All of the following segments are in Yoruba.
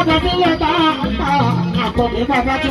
ọ̀dọ̀dún lọ́ba àpá àkọ́kọ́ bàbá tó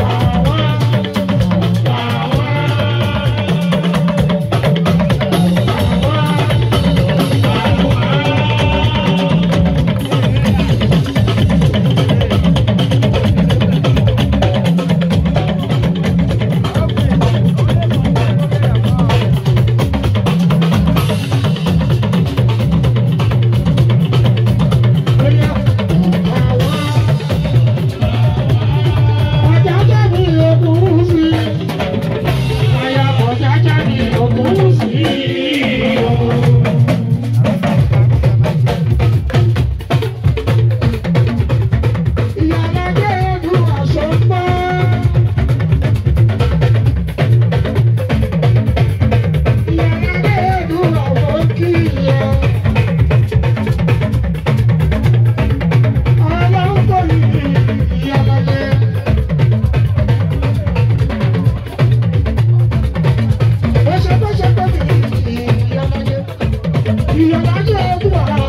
Come on.